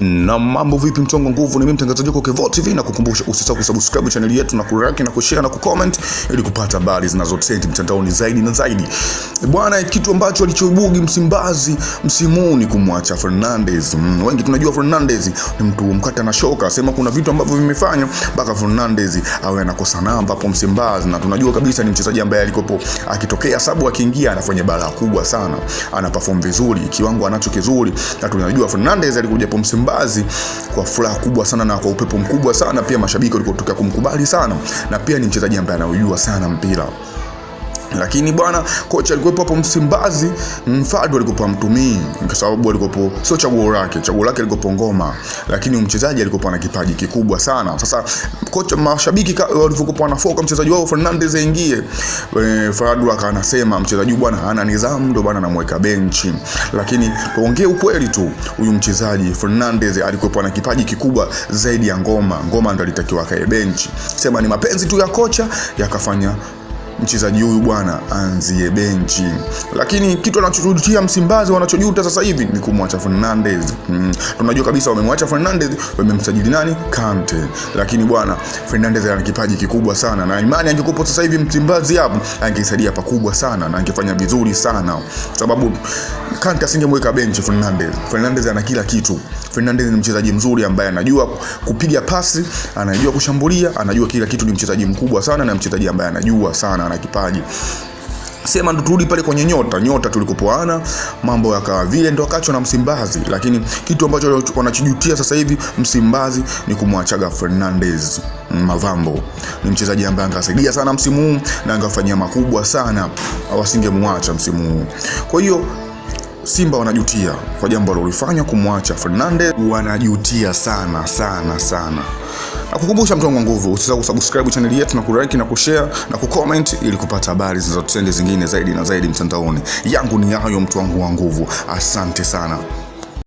Na mambo vipi, mtongo nguvu, ni mimi mtangazaji wako Kevo TV, na kukumbusha usisahau kusubscribe channel yetu na kulike na kushare na kucomment ili kupata habari zinazotrend mtandaoni zaidi na zaidi. Bwana, kitu ambacho alichoibugi Msimbazi msimu ni kumwacha Fernandez. Mm, wengi tunajua Fernandez ni mtu mkata na shoka, sema kuna vitu ambavyo vimefanya mpaka Fernandez awe anakosa namba hapo Msimbazi, na tunajua kabisa ni mchezaji ambaye alikopo akitokea sababu akiingia anafanya balaa kubwa sana, ana perform vizuri, kiwango anacho kizuri, na tunajua Fernandez alikuja hapo Msimbazi Mbabazi kwa furaha kubwa sana na kwa upepo mkubwa sana pia mashabiki walikotokea kumkubali sana, na pia ni mchezaji ambaye anaujua sana mpira lakini bwana kocha alikuwepo hapo Msimbazi, Mfadu alikuwepo amtumii kwa sababu alikuwepo, sio chaguo lake, chaguo lake alikuwepo Ngoma, lakini mchezaji alikuwepo na kipaji kikubwa sana. Sasa kocha, mashabiki walivyokuwa na foka mchezaji wao Fernandez aingie, e, Fadu akaanasema mchezaji bwana ana nidhamu, ndio bwana namweka benchi. Lakini tuongee ukweli tu, huyu mchezaji Fernandez alikuwepo na kipaji kikubwa zaidi ya Ngoma. Ngoma ndo alitakiwa kae benchi, sema ni mapenzi tu ya kocha yakafanya mchezaji huyu bwana anzie benchi. Lakini kitu anachorudia Msimbazi wanachojuta sasa hivi ni kumwacha Fernandez. Hmm. Tunajua kabisa wamemwacha Fernandez, wamemsajili nani? Kante. Lakini bwana Fernandez ana kipaji kikubwa sana na imani angekupo sasa hivi Msimbazi hapo angesaidia pakubwa sana na angefanya vizuri sana sababu Kante asingemweka bench Fernandez. Fernandez ana kila kitu. Fernandez ni mchezaji mzuri ambaye anajua kupiga pasi, anajua kushambulia, anajua kila kitu. Ni mchezaji mkubwa sana na mchezaji ambaye anajua sana, ana kipaji sema ndo turudi pale kwenye nyota nyota tulikopoana, mambo yakawa vile, ndo akachwa na Msimbazi. Lakini kitu ambacho wanachojutia sasa hivi Msimbazi ni kumwachaga Fernandez Mavambo. Ni mchezaji ambaye angasaidia sana msimu huu na angafanyia makubwa sana, wasingemwacha msimu huu. Kwa hiyo Simba wanajutia kwa jambo alilofanya kumwacha fernande wanajutia sana sana sana. Nakukumbusha mtu wangu wa nguvu, usisahau kusubscribe chaneli yetu na kulike na kushare na kucomment ili kupata habari zinazotrend zingine zaidi na zaidi mtandaoni. Yangu ni hayo, mtu wangu wa nguvu, asante sana.